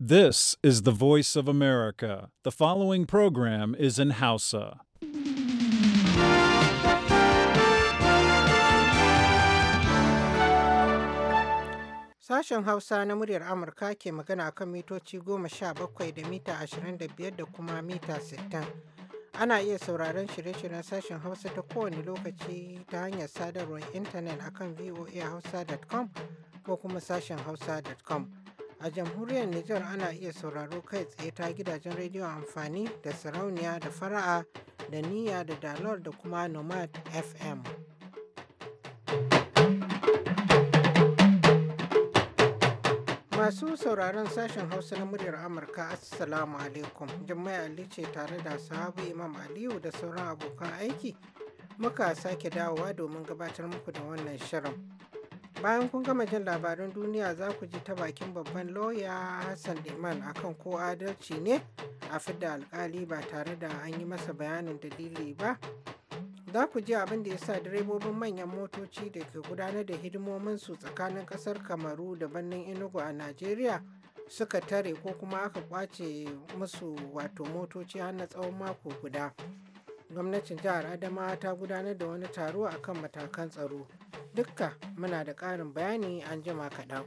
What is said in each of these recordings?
This is the voice of America. The following program is in Hausa. Sashen Hausa na muryar Amurka ke magana kan mitoci goma sha bakwai da mita ashirin da biyar da kuma mita sittin. Ana iya sauraron shirye-shiryen sashen Hausa ta kowane lokaci ta hanyar sadarwar intanet akan VOA Hausa.com ko kuma sashen hausa.com. A jamhuriyar Nijar ana iya sauraro kai tsaye ta gidajen rediyo amfani da sarauniya da fara'a da niyya da dalar da kuma nomad FM. Masu sauraron sashen Hausa na muryar Amurka Assalamu alaikum. Jummai Ali ce tare da sahabu Imam Aliyu da sauran abokan aiki muka sake dawowa domin gabatar muku da wannan shirin. Bayan kun gama jin labarin duniya za ku ji ta bakin babban lauya Hassan Liman akan ko adalci ne a fidda alkali ba tare da an yi masa bayanin dalili ba. Za ku ji abin da ya sa direbobin manyan motoci da ke gudanar da hidimomin su tsakanin ƙasar Kamaru da birnin Enugu a Najeriya suka tare ko kuma aka kwace musu wato motoci har na tsawon mako guda. gwamnatin jihar adamawa ta gudanar da wani taro akan matakan tsaro dukka muna da ƙarin bayani an jima kaɗan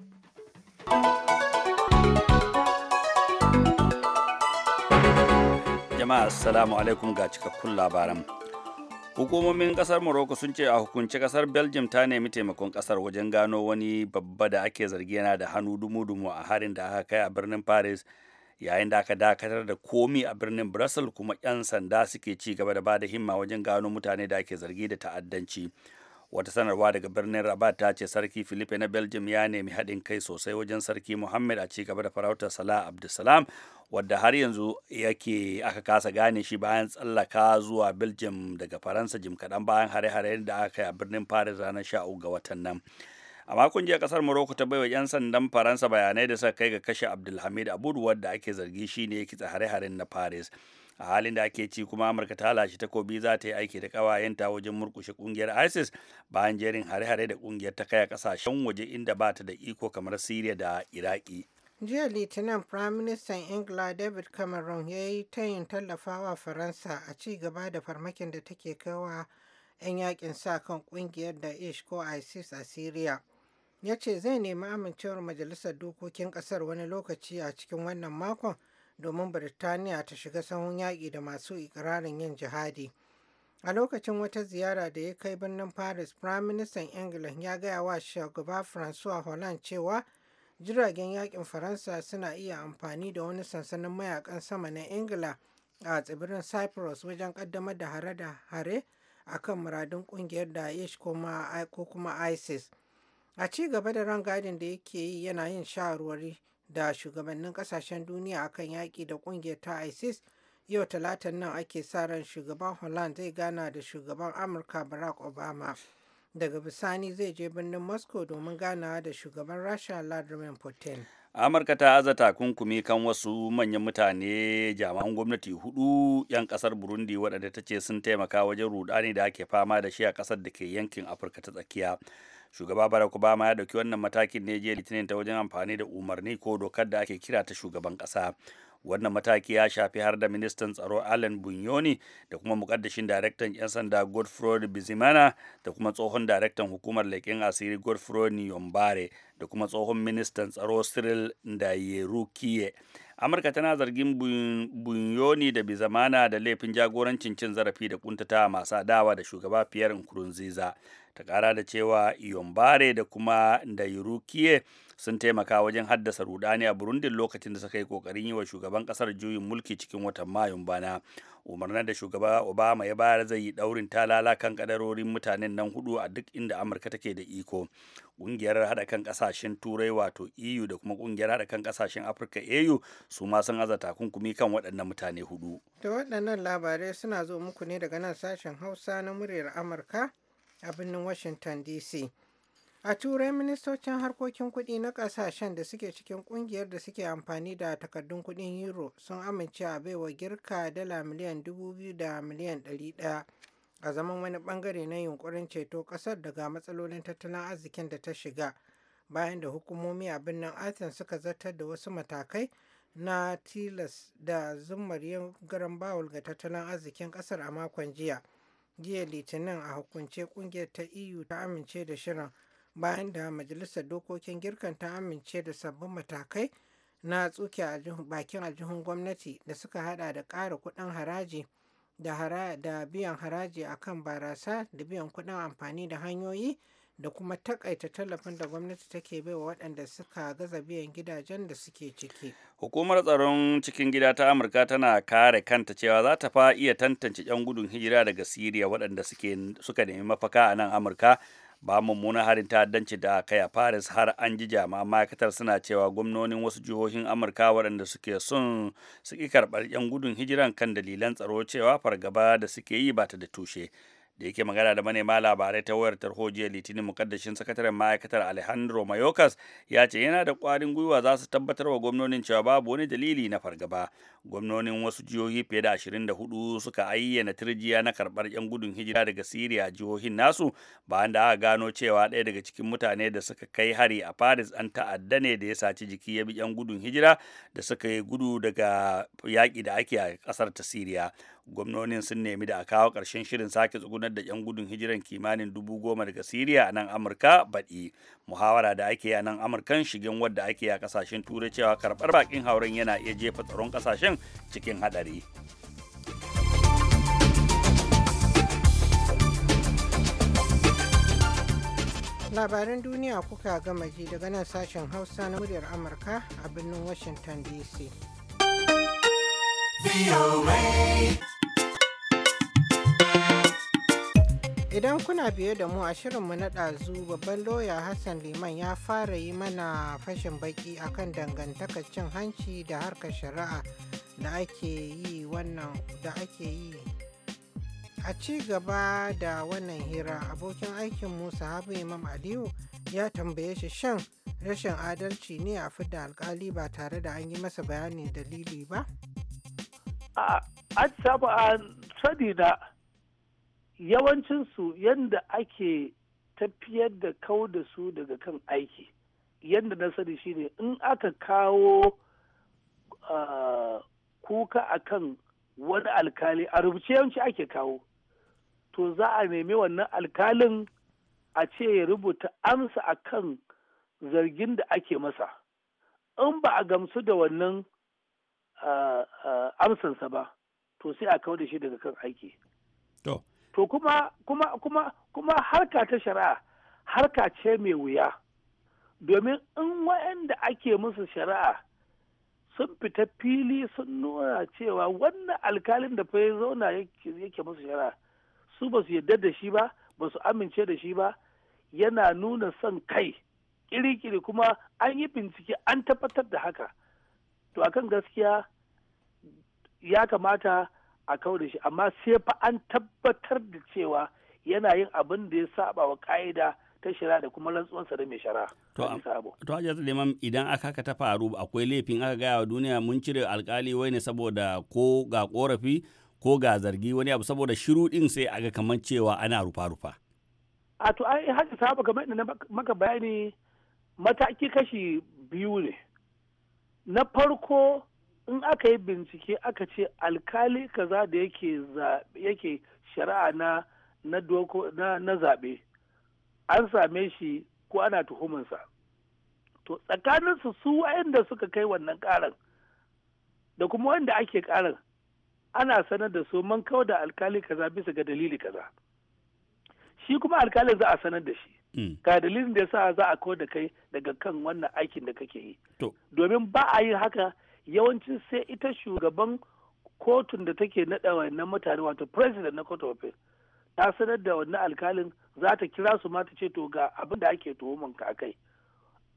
jama'a assalamu alaikum ga cikakkun labaran hukumomin kasar morocco sun ce a hukunci kasar belgium ta nemi taimakon kasar wajen gano wani babba da ake zargi yana da hannu dumu-dumu a harin da aka kai a birnin paris yayin da aka dakatar da komi a birnin brussels kuma 'yan sanda suke ci gaba da bada himma wajen gano mutane da ake zargi da ta'addanci wata sanarwa daga birnin rabat ta ce sarki filipe na belgium ya nemi haɗin kai sosai wajen sarki muhammad a ci gaba da farautar salah abdulsalam wadda har yanzu yake aka kasa gane shi bayan tsallaka zuwa belgium daga faransa jim kaɗan bayan hare-hare da aka yi a birnin paris ranar 13 ga watan nan a makon jiya kasar morocco ta baiwa 'yan sandan faransa bayanai da suka kai ga kashe abdulhamid abud wadda ake zargi shine ya kitsa hare-haren na paris a halin da ake ci kuma amurka ta lashe takobi za ta yi aiki da kawayenta wajen murkushe kungiyar isis bayan jerin hare-hare da kungiyar ta kai a kasashen waje inda ba ta da iko kamar syria da iraki jiya litinin prime minister ingila david cameron ya yi tayin tallafawa faransa a ci gaba da farmakin da take kaiwa 'yan yakin sa kan kungiyar daesh ko isis a syria ya ce zai nemi amincewar majalisar dokokin kasar wani lokaci a cikin wannan makon domin birtaniya ta shiga sahun yaƙi da masu ikirarin yin jihadi a lokacin wata ziyara da ya kai birnin paris prime minister england ya gaya wa shugaba francois holland cewa jiragen yakin faransa suna iya amfani da wani sansanin mayakan sama na ingila a tsibirin cyprus wajen kaddamar da hare da hare akan muradun kungiyar daesh ko kuma isis a ci gaba da rangadin da yake yi yana yin shawarwari da shugabannin kasashen duniya akan yaƙi da ƙungiyar ta isis yau talatin nan ake sa ran shugaban holland zai gana da shugaban amurka barack obama daga bisani zai je birnin moscow domin ganawa da shugaban rasha vladimir putin amurka ta aza takunkumi kan wasu manyan mutane jami'an gwamnati hudu 'yan kasar burundi waɗanda ta ce sun taimaka wajen rudani da ake fama da shi a ƙasar da ke yankin afirka ta tsakiya shugaba barack obama ya dauki wannan matakin ne jiya litinin ta wajen amfani da umarni ko dokar da ake kira ta shugaban kasa wannan mataki ya shafi har da ministan tsaro allen bunyoni da kuma mukaddashin daraktan 'yan sanda godfrey bizimana da kuma tsohon daraktan hukumar leƙen asiri godfrey niyombare da kuma tsohon ministan tsaro cyril ndayerukiye amurka tana zargin bunyoni da bizamana da laifin jagorancin cin zarafi da kuntata masu adawa da shugaba pierre nkurunziza ta kara da cewa yombare da kuma yurukiye sun taimaka wajen haddasa rudani a Burundin lokacin da suka yi kokarin yi wa shugaban kasar juyin mulki cikin watan Mayun bana. Umarnar da shugaba Obama ya bayar zai yi daurin talala kan kadarorin mutanen nan hudu a duk inda Amurka take da iko. Kungiyar hada kan kasashen Turai wato EU da kuma kungiyar hada kan kasashen Afirka AU su ma sun aza takunkumi kan waɗannan mutane hudu. Da waɗannan labarai suna zo muku ne daga nan sashen Hausa na muryar Amurka. a birnin Washington DC. A turai ministocin harkokin kuɗi na ƙasashen da suke cikin ƙungiyar da suke amfani da takardun kuɗin euro sun amince a baiwa girka dala miliyan dubu biyu da miliyan ɗari ɗaya a zaman wani ɓangare na yunkurin ceto ƙasar daga matsalolin tattalin arzikin da ta shiga bayan da hukumomi a birnin Athens suka zartar da wasu matakai na tilas da zumar yin garan bawul ga tattalin arzikin ƙasar a makon jiya. jiya litinin a hukunce kungiyar ta eu ta amince da shirin bayan da majalisar dokokin girkan ta amince da sabbin matakai na tsuke bakin aljihun gwamnati da suka hada da ƙara kuɗin haraji da biyan haraji akan barasa da biyan kuɗin amfani da hanyoyi da kuma takaita tallafin da gwamnati take baiwa waɗanda suka gaza biyan gidajen da suke ciki. Hukumar tsaron cikin gida ta Amurka tana kare kanta cewa za ta fa iya tantance 'yan gudun hijira daga Siriya waɗanda suka nemi mafaka a nan Amurka ba mummunan harin ta'addanci da kai a Paris har an ji jama'a ma'aikatar suna cewa gwamnonin wasu jihohin Amurka waɗanda suke son su ƙi karɓar 'yan gudun hijiran kan dalilan tsaro cewa fargaba da suke yi ba ta da tushe. da yake magana da manema labarai ta wayar tarho jiya litinin mukaddashin sakataren ma'aikatar alejandro mayorkas ya ce yana da kwarin gwiwa za su tabbatar wa gwamnonin cewa babu wani dalili na fargaba gwamnonin wasu jihohi fiye da 24 suka ayyana tirjiya na karbar yan gudun hijira daga siriya jihohin nasu bayan da aka gano cewa ɗaya daga cikin mutane da suka kai hari a paris an ta'adda ne da ya saci jiki ya bi yan gudun hijira da suka yi gudu daga yaƙi da ake a ƙasar ta siriya gwamnonin sun nemi da a kawo ƙarshen shirin sake tsugunar da 'yan gudun hijiran kimanin dubu goma daga siriya a nan amurka baɗi muhawara da ake a nan amurkan shigen wadda ake a kasashen turai cewa karɓar bakin hauren yana iya jefa tsaron ƙasashen cikin haɗari labaran duniya kuka gama ji daga nan sashen hausa na muryar amurka a birnin washington dc Idan kuna biye da mu a shirinmu na ɗazu babban loya Hassan Liman ya fara yi mana fashin baki akan dangantakar cin hanci da harkar shari'a da ake yi wannan da ake yi. A ci gaba da wannan hira abokin aikin Musa Habu Imam Aliyu ya tambaye shi shan rashin adalci ne a fidda alkali ba tare da an yi masa bayanin dalili ba? an saba an sani na yawancinsu yadda ake tafiyar da kau da su daga kan aiki yadda na sani shine in aka kawo kuka akan wani alkali a rubuce yawanci ake kawo to za a nemi wannan alkalin a ce ya rubuta amsa akan zargin da ake masa in ba a gamsu da wannan amsansa ba to sai a kawo da shi daga kan aiki to kuma kuma kuma kuma harka ta shari'a harka ce mai wuya domin in waɗanda ake musu shari'a sun fita fili sun nuna cewa wannan alkalin da fa zauna yake musu shari'a su ba su yarda da shi ba ba su amince da shi ba yana nuna son kai kiri-kiri kuma an yi bincike an tabbatar da haka to akan gaskiya ya kamata a kau da shi amma sai fa an tabbatar da cewa yana yin abin da ya saba wa ka'ida ta shira da kuma rantsuwansa da mai shara To, to Hajiya idan aka ka ta faru akwai laifin aka gaya wa duniya mun cire alkali wai ne saboda ko ga korafi ko ga zargi wani abu saboda shiru din sai aga kamar cewa ana rufa-rufa. A to ai haka saba kamar na maka bayani mataki kashi biyu ne. na farko in aka yi bincike aka ce alkali kaza da yake shari'a na na doko na, na zaɓe an same shi ko ana tuhumansa to tsakaninsu su wayanda suka kai wannan karan da kuma wanda ake karan ana sanar da su man kawo da alkali kaza bisa ga dalili kaza shi kuma alkalin za a sanar da shi ka mm. dalilin da ya sa za a kawar da kai daga kan wannan aikin da kake yi domin ba a yi haka yawancin sai ita shugaban kotun da take naɗa wannan mutane wato president na court of appeal ta sanar da wannan alkalin za ta kira su ma ce to ga abin da ake tuhuman ka kai.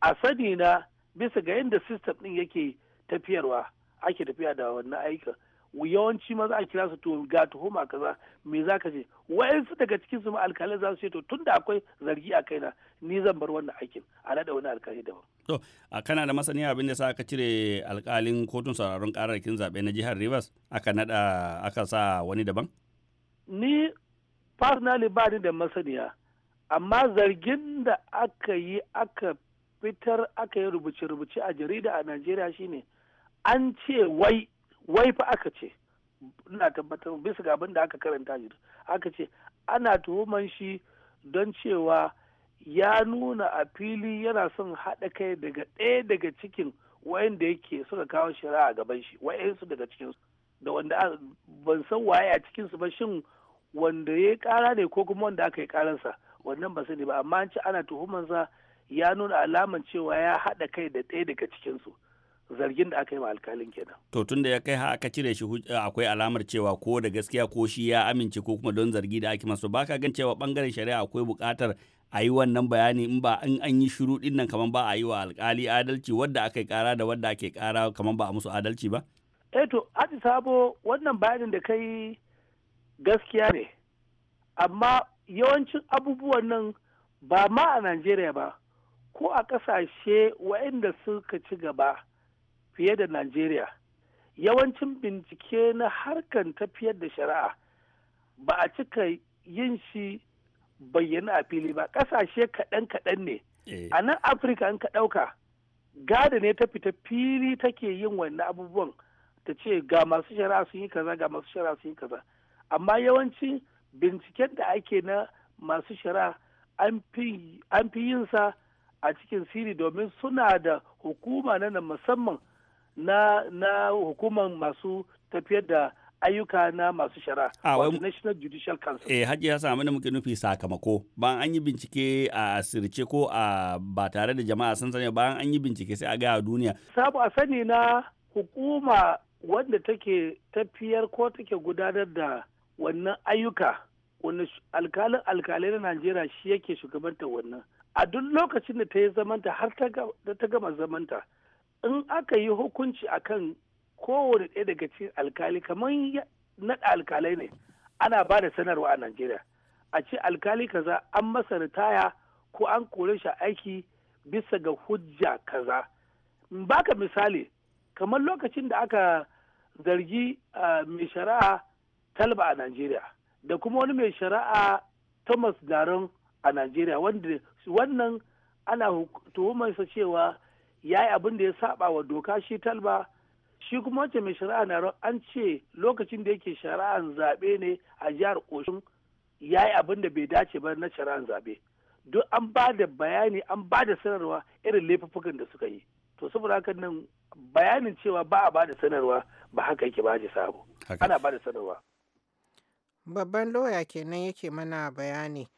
a sani na bisa ga yadda system din yake tafiyarwa ake tafiya da wannan aikin yawanci ma za a kira su to ga tuhuma kaza me za ka ce wa'yansu daga cikin su ma alkalai za su ce to tun da akwai zargi a kaina ni zan bar wannan aikin a naɗa wani alkali daban. to a kana da masani abin da sa aka cire alkalin kotun sauraron ƙararrakin zaɓe na jihar rivers aka naɗa aka sa wani daban. ni personally ba ni da masaniya amma zargin da aka yi aka fitar aka yi rubuce-rubuce a jarida a najeriya shine an ce wai wai fa aka ce ina tabbatar bisa ga abin da aka karanta shi aka ce ana tuhuman shi don cewa ya nuna a fili yana son haɗa kai daga ɗaya daga cikin wayanda yake suka kawo shari'a a gaban shi wayansu daga cikin da wanda ban san waye a cikin su ba shin wanda ya kara ne ko kuma wanda aka yi karansa wannan ba sani ba amma an ci ana tuhumansa ya nuna alaman cewa ya haɗa kai da ɗaya daga cikin su zargin da aka yi wa alkalin kenan. To tun da ya kai ha aka cire shi eh, akwai alamar cewa ko da gaskiya ko shi ya amince ko kuma don zargi da ake masa baka gan cewa bangaren shari'a akwai bukatar a yi wannan bayani in ba in an yi shiru din nan kamar ba a yi wa alkali adalci wadda aka yi kara da wadda ake kara kamar ba a musu adalci ba. Eh to Aji Sabo wannan bayanin da kai gaskiya ne amma yawancin abubuwan nan ba ma a Najeriya ba ko a ƙasashe waɗanda suka ci gaba. fiye da Najeriya. Yawancin bincike na harkan tafiyar da shari'a ba a cika yin shi bayyana a fili ba ƙasashe kaɗan-kaɗan ne. Eh. A nan Afirka an ka ɗauka gada ne ta fita fili take yin wannan abubuwan ta ce ga masu shari'a sun yi kaza ga masu shari'a sun yi kaza. Amma yawanci binciken da ake na masu shari'a an fi yin sa a cikin siri domin suna da hukuma na musamman na na hukumar masu tafiyar da ayyuka na masu shara a ah, wato National Judicial Council. Eh hajji ya samu muke nufi sakamako bayan an yi bincike a sirce ko a ba tare da jama'a sun sani bayan an yi bincike sai a ga duniya. Sabu a sani na hukuma wanda take tafiyar ko take gudanar da wannan ayyuka wani alkalin alkalai na Najeriya shi yake shugabantar wannan. A duk lokacin da ta yi zamanta har ta gama zamanta in aka yi hukunci akan kowane ɗaya daga cikin alkali kamar naɗa alkalai ne ana ba da sanarwa a Najeriya a ce alkali kaza an masa ritaya ko an kore shi aiki bisa ga hujja kaza baka misali kamar lokacin da aka zargi ah, mai shari'a talba a Najeriya da kuma wani mai shari'a Thomas Daron a Najeriya wannan ana tuhumarsa cewa ya yi abin da ya saba wa doka shi talba shi kuma wacce mai shari'a na an ce lokacin da yake shari'an zaɓe ne a jihar ƙoshin ya yi abin da bai dace ba na shari'an zaɓe duk an ba da bayani an ba da sanarwa irin laifuffukan da suka yi to saboda hakan nan bayanin cewa ba a ba da sanarwa ba haka yake ba da sabo ana ba da sanarwa babban loya kenan yake mana bayani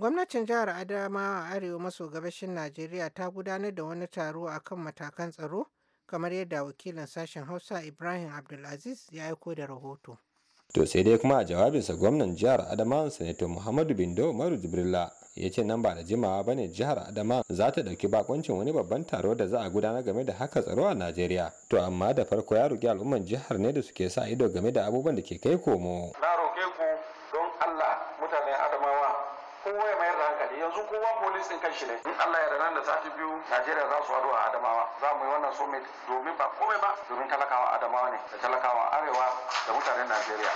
Gwamnatin jihar adama a arewa maso gabashin Najeriya ta gudanar da wani taro a kan matakan tsaro kamar yadda wakilin sashen Hausa Ibrahim Abdulaziz ya aiko da rahoto. To sai dai kuma a jawabinsa gwamnan jihar adama Sanato Muhammadu Bindo Umaru Jibrilla ya ce nan ba da jimawa bane jihar Adama za ta dauki bakoncin wani babban taro da za a gudanar game da haka tsaro a Najeriya. To amma da farko ya roki al'umman jihar ne da suke sa ido game da abubuwan da ke kai komo. Na kowa polisin kan shi ne in Allah ya ranar da sati biyu Najeriya za su haɗu a Adamawa za mu yi wannan summit domin ba komai ba domin talakawa Adamawa ne da talakawa Arewa da mutanen Najeriya.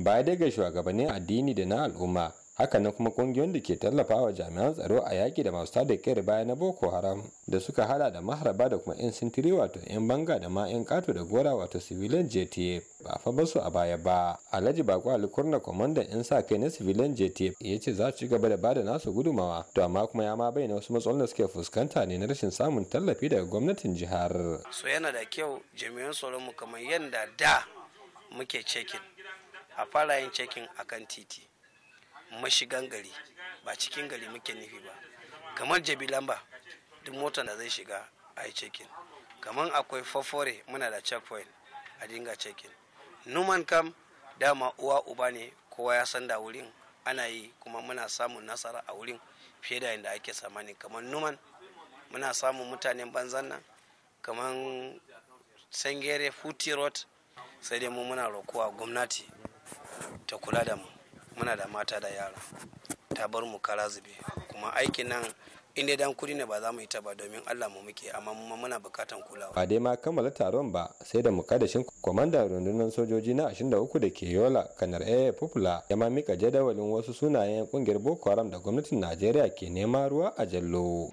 Baya daga shugabannin addini da na al'umma Haka hakanan kuma kungiyoyin da ke tallafawa jami'an tsaro a yaƙi da masu tada kai baya na boko haram da suka hada da maharaba da kuma 'yan sintiri wato 'yan banga da ma 'yan kato da gora wato civilian jta ba fa su a baya ba alhaji bako alikurna kwamandan 'yan sa kai na civilian jta ya ce za su ci gaba da bada nasu gudumawa to amma kuma ya ma bayyana wasu matsalolin da suke fuskanta ne na rashin samun tallafi daga gwamnatin jihar so yana da kyau jami'an tsaron mu kamar yadda da muke cekin a fara yin cekin akan titi mashigan gari ba cikin gari muke nufi ba kamar jabilamba duk motar da zai shiga a yi cekin kamar akwai fafore muna da checkpoint a dinga cekin numan kam dama uwa uba ne kowa ya san da wurin ana yi kuma muna samun nasara a wurin fiye da yadda ake samani kamar numan muna samun mutanen banzan nan kamar sangere futi road sai dai mu muna rokuwa gwamnati ta kula da mu muna da mata da yara ta bar mu kara zube kuma aikin nan in dai dan kudi ne ba za mu yi ta ba domin Allah mu muke amma muna bukatan kulawa ba dai ma kammala taron ba sai da mukaddashin kwamandan rundunar sojoji na 23 da ke Yola kanar AA Popula ya ma mika jadawalin wasu sunayen kungiyar Boko Haram da gwamnatin Najeriya ke nema ruwa a jallo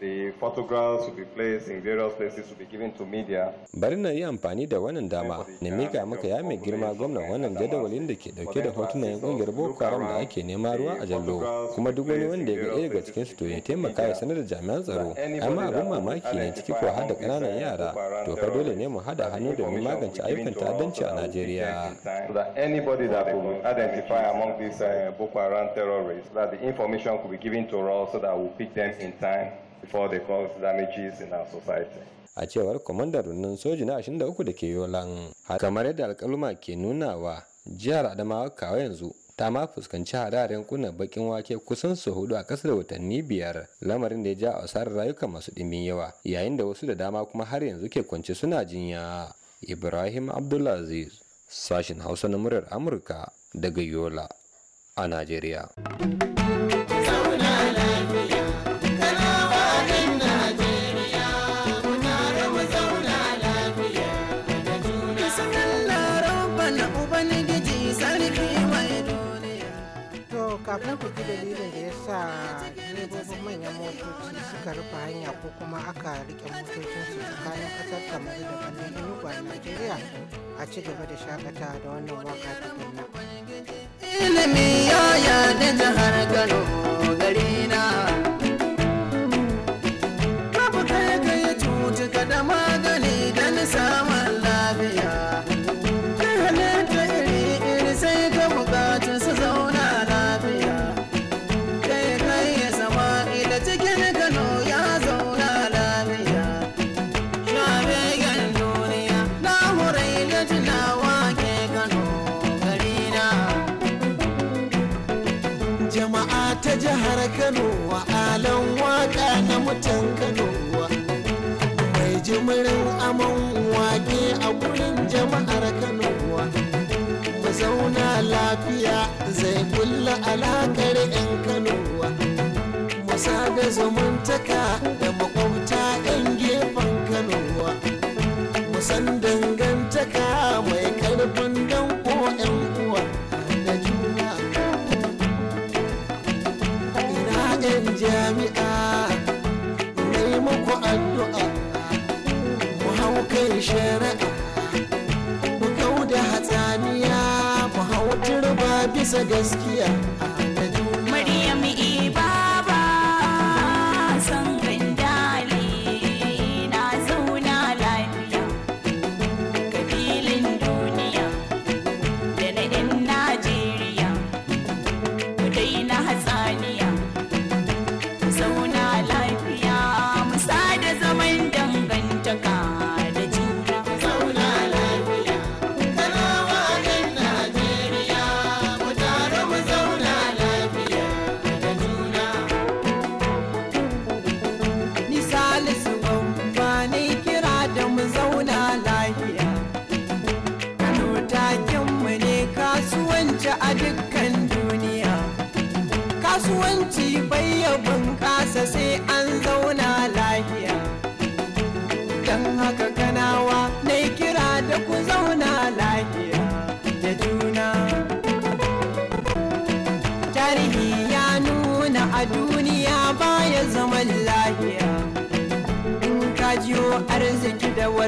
The photographs will be placed in various places to be given to media. Bari na yi amfani da wannan dama na mika maka ya mai girma gwamnan wannan jadawalin da ke dauke da hotunan yan kungiyar Boko Haram da ake nema ruwa a Jallo kuma duk wani wanda ya ga ɗaya daga cikin su to ya taimaka ya sanar da jami'an tsaro amma abin mamaki ne ciki ko har da ƙananan yara to fa dole ne mu hada hannu domin magance ayyukan ta'addanci a Najeriya. anybody that will identify among these uh, Boko Haram terrorists that the information could be given to us so that we we'll pick them in time. before they cause damages in our society. a cewar kwamandan rundunar soji na 23 da ke yolan kamar yadda alkaluma ke nunawa jihar adamawa kawai yanzu ta ma fuskanci hadarin kuna bakin wake kusan su hudu a kasar watanni biyar lamarin da ya ja asarar rayuka masu dimin yawa yayin da wasu da dama kuma har yanzu ke kwance suna jinya ibrahim abdulaziz sashen hausa na muryar amurka daga yola a najeriya ko kuma aka rike motocinsu tsakanin kasar kamar da birnin Enugu a Najeriya a ci gaba da shakata da wannan waka ta Ilimi ya da jihar gano jama'a ta jihar kano wa alan waka na mutan kano mai jimirin aman wake a gurin jama'ar kano ba zauna lafiya zai kulla alakar 'yan kano mu sada zumuntaka da makon masa gaskiya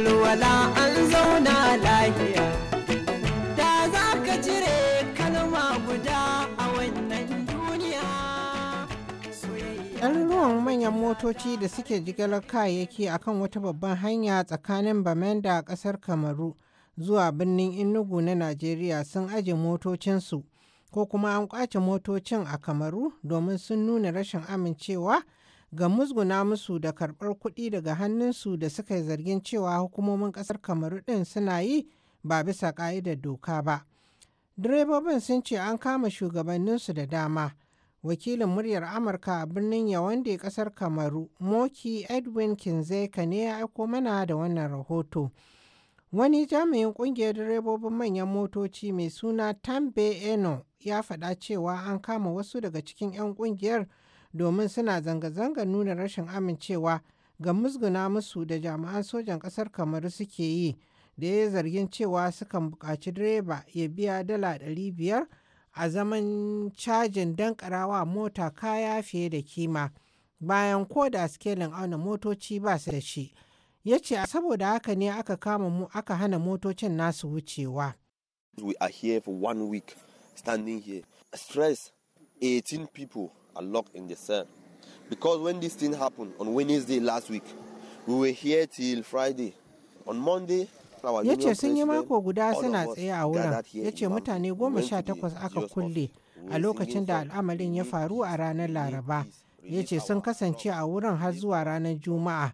walwala an zauna lafiya da za ka jire kalma guda a wannan duniya ɗaruruwan manyan motoci da suke jigilar kayayyaki akan wata babban hanya tsakanin Bamenda da ƙasar kamaru zuwa birnin inugu na najeriya sun aje motocinsu ko kuma an kwace motocin a kamaru domin sun nuna rashin amincewa ga musguna musu da karɓar kuɗi daga hannunsu da suka yi zargin cewa hukumomin ƙasar kamaru ɗin suna yi ba bisa ƙa'idar doka ba. Direbobin sun ce an kama shugabanninsu da dama. Wakilin muryar Amurka a birnin Yawande ƙasar Kamaru, Moki Edwin Kinzeka ne ya aiko mana da wannan rahoto. Wani jami'in ƙungiyar direbobin manyan motoci mai suna Tambe Eno ya faɗa cewa an kama wasu daga cikin 'yan ƙungiyar domin suna zanga zanga nuna rashin amincewa ga musguna musu da jami'an sojan ƙasar kamaru suke yi da ya zargin cewa sukan buƙaci direba ya biya dala ɗari biyar a zaman cajin wa mota kaya fiye da kima bayan ko da skelin auna motoci ba su da shi ya ce saboda haka ne aka kama mu aka hana motocin nasu wucewa we are here for one week standing here stress 18 people are locked in the cell. Because when this thing happened on Wednesday last week, we were here till Friday. On Monday, ya ce sun yi mako guda suna tsaye a wurin ya ce mutane goma sha takwas aka kulle a lokacin da al'amarin ya faru a ranar laraba ya ce sun kasance a wurin har zuwa ranar juma'a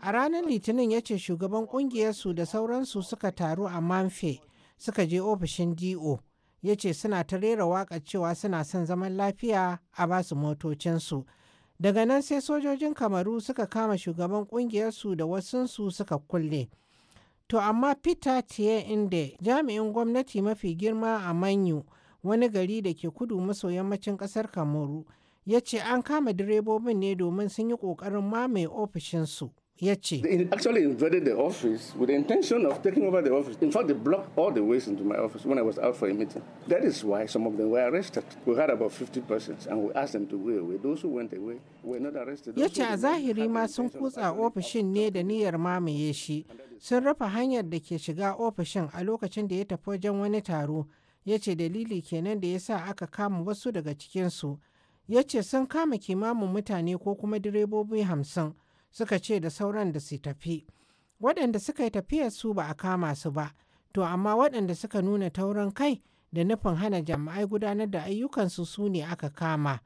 a ranar litinin ya ce shugaban kungiyarsu da sauransu suka taru a manfe suka je ofishin do ya ce suna ta rera waƙa cewa suna son zaman lafiya a basu motocinsu daga nan sai sojojin kamaru suka kama shugaban ƙungiyarsu da wasunsu suka kulle to amma peter tie inda jami'in gwamnati mafi girma a manyu wani gari da ke kudu maso yammacin ƙasar kamaru ya ce an kama direbobin ne domin sun yi ƙoƙarin mamaye ofishinsu ya ce actually invaded the office with the intention of taking over the office in fact they blocked all the ways into my office when i was out for a meeting that is why some of them were arrested we had about 50 persons and we asked them to go away those who went away were not arrested ya ce a zahiri ma sun kutsa ofishin ne da niyyar mamaye shi sun rufe hanyar da ke shiga ofishin a lokacin da ya tafi wajen wani taro ya ce dalili kenan da ya sa aka kama wasu daga cikinsu ya ce sun kama kimamin mutane ko kuma direbobi hamsin suka ce da sauran da su tafi waɗanda suka yi tafiyar su ba a kama su ba to amma waɗanda suka nuna taurin kai da nufin hana jama'ai gudanar da ayyukansu su ne aka kama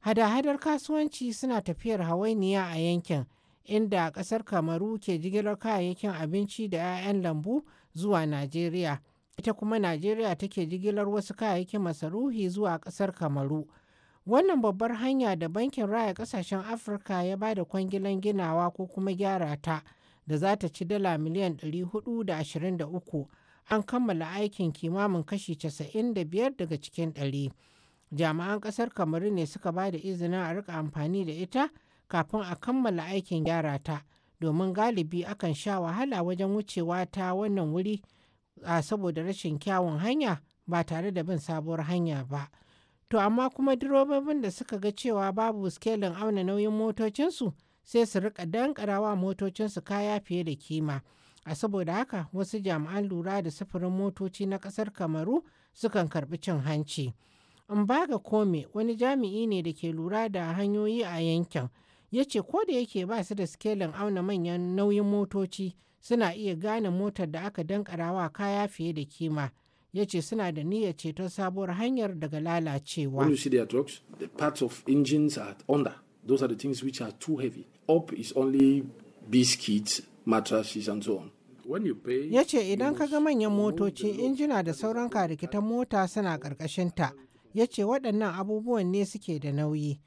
hada-hadar kasuwanci suna tafiyar hawainiya a yankin inda ƙasar kamaru ke jigilar kayayyakin abinci da 'ya'yan lambu zuwa najeriya ita kuma najeriya take jigilar wasu kayayyakin masaruhi zuwa ƙasar kamaru Wannan babbar hanya da Bankin Raya Ƙasashen Afirka ya ba da kwangilan ginawa ko kuma gyara ta da za ta ci dala miliyan 423 an kammala aikin kimamin kashi 95 daga cikin 100. Jami'an ƙasar Kamaru ne suka ba da izinin a rika amfani da ita kafin a kammala aikin gyara ta domin galibi akan sha wahala wajen wucewa ta wannan wuri a saboda rashin kyawun hanya ba tare da bin sabuwar hanya ba. To amma kuma direbobin da suka ga cewa babu sikelin auna nauyin motocinsu sai su rika dankarawa motocinsu kaya fiye da kima. A saboda haka wasu jami'an lura da sufurin motoci na ƙasar Kamaru sukan karɓi cin hanci. In ga Kome wani jami'i ne da ke lura da hanyoyi a yankin ya ce ko da yake ba su da sikelin auna manyan nauyin motoci suna iya gane motar da aka dankarawa kaya fiye da kima. ya ce suna da niyyar ceton sabuwar hanyar daga lalacewa. When you see their trucks, is only biscuits, Ya ce idan ka ga manyan motoci injina da sauran karikitan mota suna ƙarƙashinta, ya ce waɗannan abubuwan ne suke da nauyi.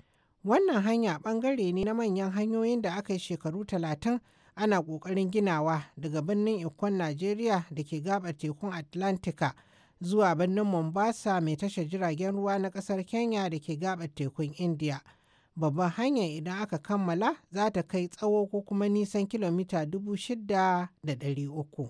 Wannan hanya ɓangare ne na manyan hanyoyin da aka yi shekaru talatin ana ƙoƙarin ginawa daga birnin Ikon Najeriya da ke gabar tekun Atlantika zuwa birnin Mombasa mai tashar jiragen ruwa na kasar Kenya da ke gabar tekun India. Babban hanya idan aka kammala za ta kai tsawo ko kuma nisan kilomita 6,300.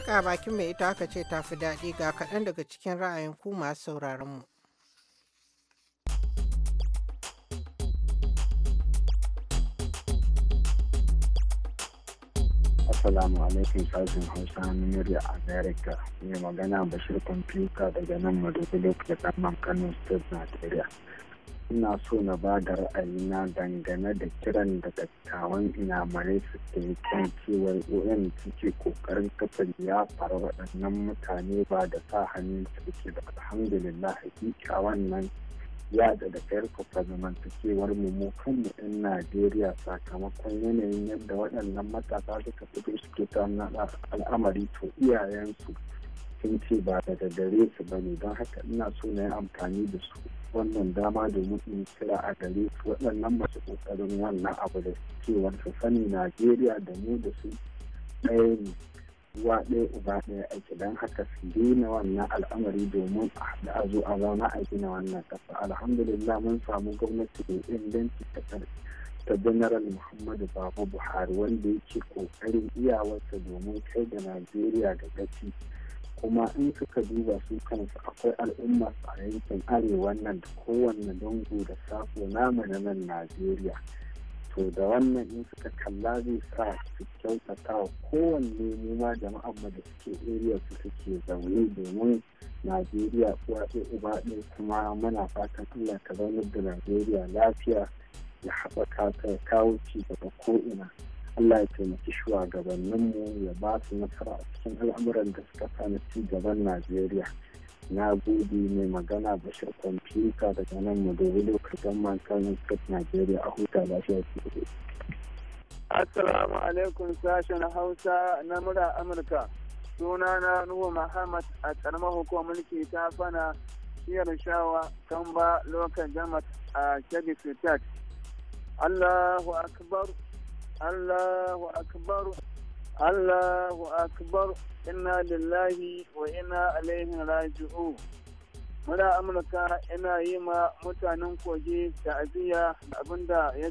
Waka bakin mai ita aka ce tafi daɗi ga kaɗan daga cikin ra'ayin ku masu sauraron mu. Assalamu alaikum sashen Hausa na a America. Mai magana Bashir Kwamfuta daga nan Madobi Lake da Kano State, Nigeria. ina so na ba da ra'ayina dangane da kiran da dattawan inamarai su ke kan cewar un suke kokarin kafa faru waɗannan mutane ba da sa hannun suke da alhamdulillah hakika wannan ya da da ƙarfafa zamantakewar cewar mu kanmu najeriya sakamakon yanayin yadda waɗannan matasa suka fito suke ta al'amari to iyayensu sun ce ba daga gare su ba ne don haka ina so na yi amfani da su wannan dama da mutum kira a gare su waɗannan masu ƙoƙarin wannan abu da ke su sani najeriya da mu da su ɗaya ne uwa ɗaya uba ɗaya aiki don haka su daina wannan al'amari domin da a zo a zauna a gina wannan ƙasa alhamdulillah mun samu gwamnati da inganci ta ta general muhammadu baba buhari wanda yake ƙoƙarin iyawarsa domin kai da najeriya ga gaci kuma in suka duba su kansu akwai al'umma a yankin arewa nan da kowanne dango da safo namu na nan najeriya to da wannan in suka kalla zai sa su kyautata wa kowanne noma jama'a ma da suke area su suke zaune domin najeriya uwa ce uba ɗin kuma muna fatan allah ka zaunar da najeriya lafiya ya haɓaka ta kawo ci gaba ko'ina Allah ya taimaki shugabanninmu ya ba su nasara a cikin al'amuran da suka sa na ci gaban Najeriya. Na gode mai magana Bashir Kwamfuta daga nan mu Madobi lokacin Mankanin State Najeriya a huta lafiya Assalamu alaikum sashen Hausa na mura Amurka. na Nuhu Muhammad a ƙaramar hukumar mulki ta fana shiyar shawa kan ba lokacin jama'a a Kebbi Fitat. Allahu Akbar Allahu akbar Allahu akbar inna lillahi wa inna alaihi raji'u muna amurka ina yi ma mutanen kogi ta'aziyya abinda ya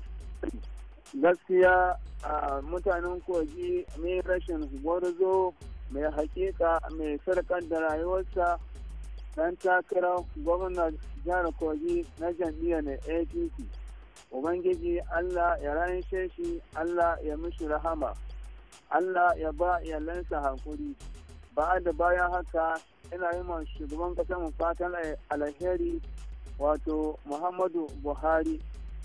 gaskiya a mutanen kogi mai rashin gwarzo mai hakika mai sarkar da rayuwarsa dan takarar gwamnan jihar kogi na jam'iyyar apc ubangiji allah ya ranshe shi allah ya mishi rahama allah ya ba iyalansa hankuri ba da bayan haka ina yi ma shugaban kasa mu fatan alheri wato muhammadu buhari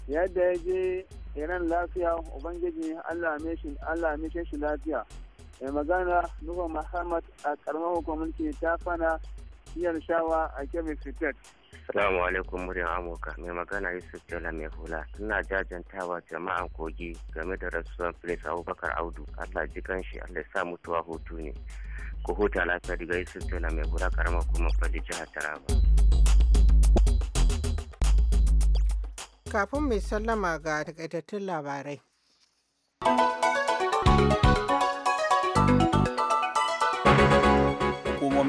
yadda ya je iran lafiya ubangiji allah ya mishe shi lafiya mai magana nuhu muhammad a karamar hukumar ta fana jiyar shawa a kebbi state Salamu alaikum muryar Amurka mai magana Yusuf Jala mai hula. Suna jajantawa jama'an kogi game da rasuwar Filis Abubakar Audu. Allah ji shi Allah sa mutuwa hutu ne. Ku huta lafiya daga Yusuf Jala mai hula karama kuma fadi jihar Taraba. Kafin mai sallama ga takaitattun labarai.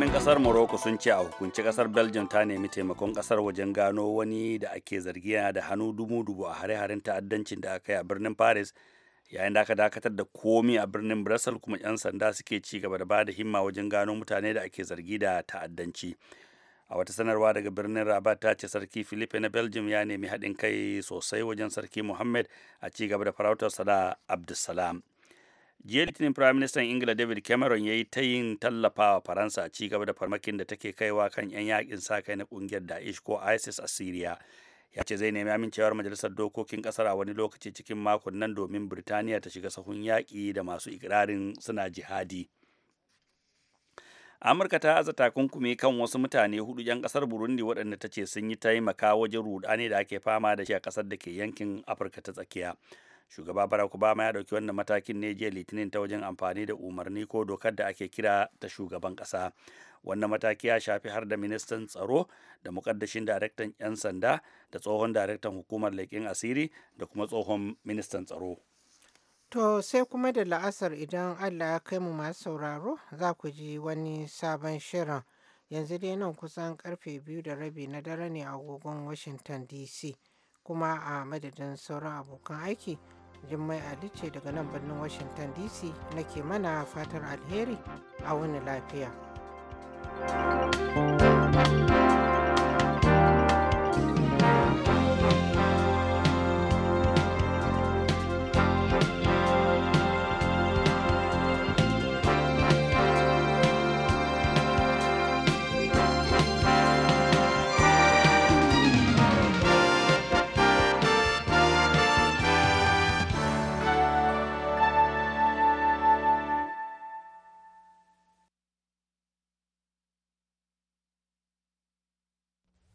hukumomin kasar morocco sun ce a hukunci kasar belgium ta nemi taimakon kasar wajen gano wani da ake zargi yana da hannu dubu-dubu a hare-haren ta'addancin da aka yi a birnin paris yayin da aka dakatar da komi a birnin brussels kuma 'yan sanda suke ci gaba da bada himma wajen gano mutane da ake zargi da ta'addanci a wata sanarwa daga birnin rabat ta ce sarki philippe na belgium ya nemi haɗin kai sosai wajen sarki mohammed a ci gaba da farautarsa da abdulsalam jiya litinin minister ingila david cameron ya yi ta yin tallafawa faransa ci gaba da farmakin da take kaiwa kan 'yan yakin sa kai na kungiyar daesh ko isis a syria ya ce zai nemi amincewar majalisar dokokin kasar a wani lokaci cikin makon nan domin birtaniya ta shiga sahun yaƙi da masu ikirarin suna jihadi amurka ta aza takunkumi kan wasu mutane hudu 'yan kasar burundi waɗanda ta ce sun yi taimaka wajen rudani da ake fama da shi a kasar da ke yankin afirka ta tsakiya shugaba barack obama ya dauki wannan matakin ne jiya litinin ta wajen amfani da umarni ko dokar da ake kira ta shugaban kasa wannan mataki ya shafi har da ministan tsaro da mukaddashin daraktan 'yan sanda da tsohon daraktan hukumar leƙin asiri da kuma tsohon ministan tsaro to sai kuma da la'asar idan allah ya kai mu masu sauraro za ku ji wani sabon shirin yanzu dai nan kusan karfe biyu da rabi na dare ne a agogon washington dc kuma a madadin sauran abokan aiki jimmai ali ce daga nan birnin washington dc nake mana fatar alheri a wani lafiya thank you